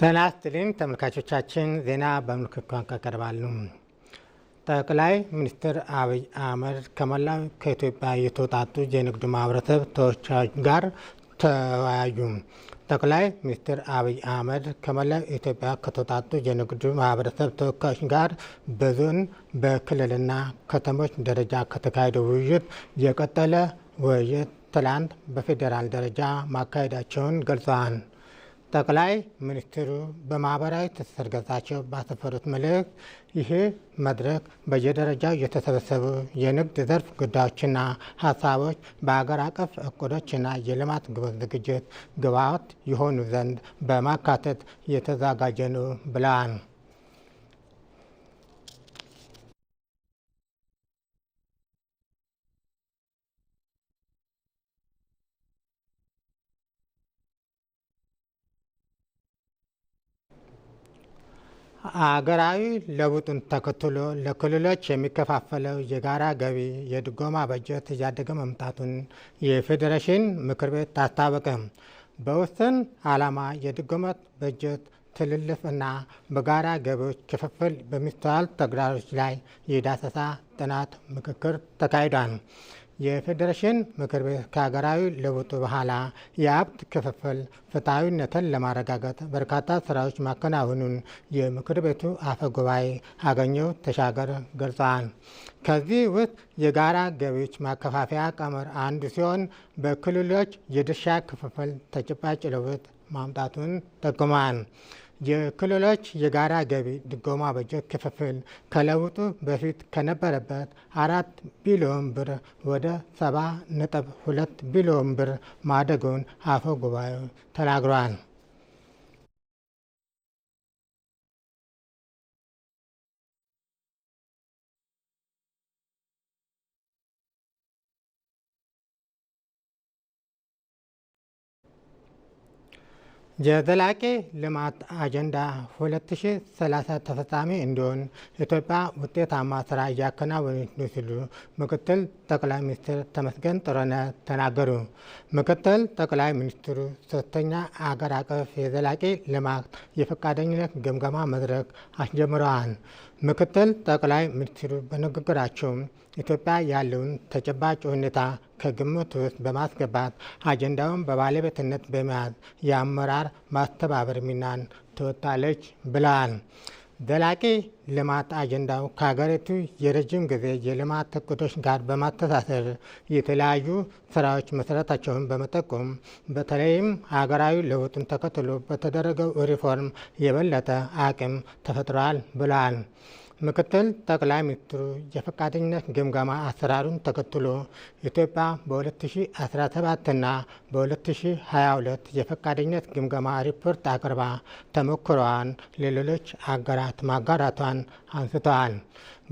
ጤና ይስጥልኝ ተመልካቾቻችን፣ ዜና በምልክት ቋንቋ ይቀርባሉ። ጠቅላይ ሚኒስትር አብይ አህመድ ከመላው ከኢትዮጵያ የተውጣጡ የንግዱ ማህበረሰብ ተወካዮች ጋር ተወያዩ። ጠቅላይ ሚኒስትር አብይ አህመድ ከመላው ኢትዮጵያ ከተውጣጡ የንግዱ ማህበረሰብ ተወካዮች ጋር በዞን በክልልና ከተሞች ደረጃ ከተካሄደ ውይይት የቀጠለ ውይይት ትላንት በፌዴራል ደረጃ ማካሄዳቸውን ገልጸዋል። ጠቅላይ ሚኒስትሩ በማህበራዊ ትስስር ገጻቸው ባሰፈሩት መልእክት ይህ መድረክ በየደረጃው የተሰበሰቡ የንግድ ዘርፍ ጉዳዮችና ሀሳቦች በአገር አቀፍ እቅዶችና የልማት ግቦች ዝግጅት ግብዓት የሆኑ ዘንድ በማካተት የተዘጋጀ ነው ብለዋል። አገራዊ ለውጡን ተከትሎ ለክልሎች የሚከፋፈለው የጋራ ገቢ የድጎማ በጀት እያደገ መምጣቱን የፌዴሬሽን ምክር ቤት ታስታወቀ። በውስን ዓላማ የድጎማ በጀት ትልልፍ እና በጋራ ገቢዎች ክፍፍል በሚስተዋል ተግዳሮች ላይ የዳሰሳ ጥናት ምክክር ተካሂዷል። የፌዴሬሽን ምክር ቤት ከሀገራዊ ለውጥ በኋላ የሀብት ክፍፍል ፍትሐዊነትን ለማረጋገጥ በርካታ ስራዎች ማከናወኑን የምክር ቤቱ አፈ ጉባኤ አገኘሁ ተሻገር ገልጸዋል። ከዚህ ውስጥ የጋራ ገቢዎች ማከፋፈያ ቀመር አንዱ ሲሆን በክልሎች የድርሻ ክፍፍል ተጨባጭ ለውጥ ማምጣቱን ጠቁመዋል። የክልሎች የጋራ ገቢ ድጎማ በጀት ክፍፍል ከለውጡ በፊት ከነበረበት አራት ቢሊዮን ብር ወደ ሰባ ነጥብ ሁለት ቢሊዮን ብር ማደጉን አፈ ጉባኤው ተናግሯል። የዘላቂ ልማት አጀንዳ 2030 ተፈጻሚ እንዲሆን ኢትዮጵያ ውጤታማ ስራ እያከናወነች ነው ሲሉ ምክትል ጠቅላይ ሚኒስትር ተመስገን ጥሩነህ ተናገሩ። ምክትል ጠቅላይ ሚኒስትሩ ሶስተኛ አገር አቀፍ የዘላቂ ልማት የፈቃደኝነት ግምገማ መድረክ አስጀምረዋል። ምክትል ጠቅላይ ሚኒስትሩ በንግግራቸው ኢትዮጵያ ያለውን ተጨባጭ ሁኔታ ከግምት ውስጥ በማስገባት አጀንዳውን በባለቤትነት በመያዝ የአመራር ማስተባበር ሚናን ትወጣለች ብለዋል። ዘላቂ ልማት አጀንዳው ከሀገሪቱ የረጅም ጊዜ የልማት እቅዶች ጋር በማተሳሰር የተለያዩ ስራዎች መሰረታቸውን በመጠቆም በተለይም ሀገራዊ ለውጥን ተከትሎ በተደረገው ሪፎርም የበለጠ አቅም ተፈጥሯል ብለዋል። ምክትል ጠቅላይ ሚኒስትሩ የፈቃደኝነት ግምገማ አሰራሩን ተከትሎ ኢትዮጵያ በ2017ና በ2022 የፈቃደኝነት ግምገማ ሪፖርት አቅርባ ተሞክሯን ለሌሎች አገራት ማጋራቷን አንስተዋል።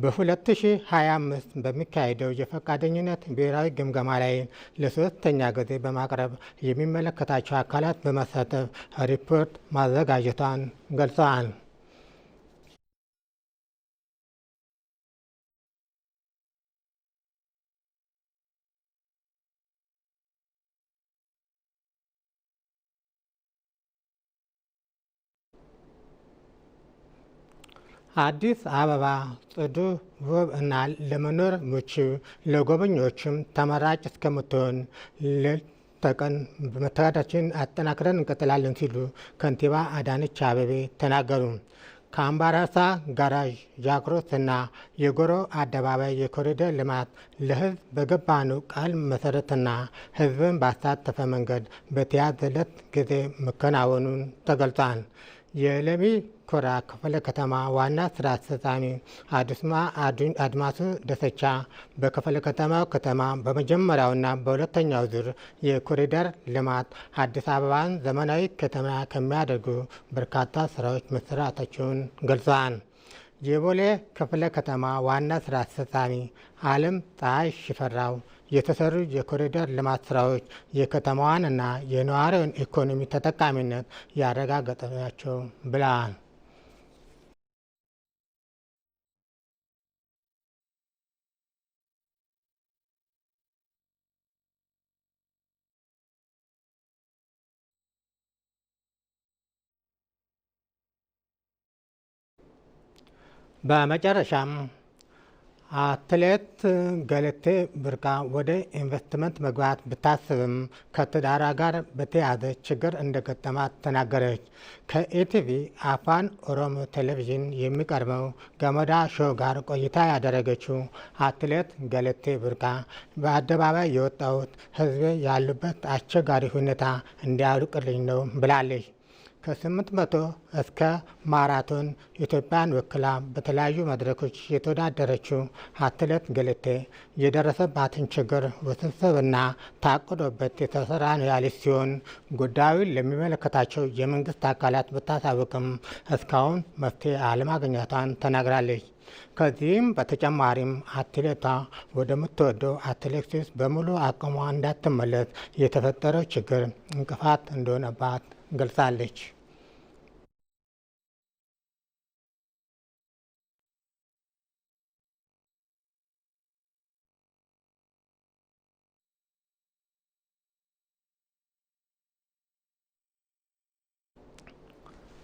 በ2025 በሚካሄደው የፈቃደኝነት ብሔራዊ ግምገማ ላይ ለሶስተኛ ጊዜ በማቅረብ የሚመለከታቸው አካላት በመሳተፍ ሪፖርት ማዘጋጀቷን ገልጸዋል። አዲስ አበባ ጽዱ ውብ እና ለመኖር ምቹ ለጎበኞችም ተመራጭ እስከምትሆን ተቀን በመተጋዳችን አጠናክረን እንቀጥላለን ሲሉ ከንቲባ አዳነች አበቤ ተናገሩ። ከአምባራሳ ጋራዥ፣ ጃክሮስ እና የጎሮ አደባባይ የኮሪደር ልማት ለሕዝብ በገባነው ቃል መሰረትና ሕዝብን ባሳተፈ መንገድ በተያዘለት ጊዜ መከናወኑን ተገልጿል። የለሚ ኮራ ክፍለ ከተማ ዋና ስራ አስፈጻሚ አዱስማ አድማሱ ደሰቻ በክፍለ ከተማ ከተማ በመጀመሪያውና በሁለተኛው ዙር የኮሪደር ልማት አዲስ አበባን ዘመናዊ ከተማ ከሚያደርጉ በርካታ ስራዎች መሰራታቸውን ገልጿል። የቦሌ ክፍለ ከተማ ዋና ስራ አስፈጻሚ አለም ፀሐይ ሽፈራው የተሰሩ የኮሪደር ልማት ስራዎች የከተማዋንና የነዋሪውን ኢኮኖሚ ተጠቃሚነት ያረጋገጠናቸው ናቸው ብለዋል። በመጨረሻም አትሌት ገለቴ ቡርቃ ወደ ኢንቨስትመንት መግባት ብታስብም ከትዳራ ጋር በተያያዘ ችግር እንደገጠማት ተናገረች። ከኢቲቪ አፋን ኦሮሞ ቴሌቪዥን የሚቀርበው ገመዳ ሾው ጋር ቆይታ ያደረገችው አትሌት ገለቴ ቡርቃ በአደባባይ የወጣሁት ሕዝቤ ያሉበት አስቸጋሪ ሁኔታ እንዲያውቅልኝ ነው ብላለች። ከ800 እስከ ማራቶን ኢትዮጵያን ወክላ በተለያዩ መድረኮች የተወዳደረችው አትሌት ገለቴ የደረሰባትን ችግር ውስብስብና ታቅዶበት የተሰራ ነው ያለች ሲሆን ጉዳዩን ለሚመለከታቸው የመንግስት አካላት ብታሳውቅም እስካሁን መፍትሄ አለማግኘቷን ተናግራለች። ከዚህም በተጨማሪም አትሌቷ ወደምትወደው አትሌቲክስ በሙሉ አቅሟ እንዳትመለስ የተፈጠረው ችግር እንቅፋት እንደሆነባት ገልጻለች።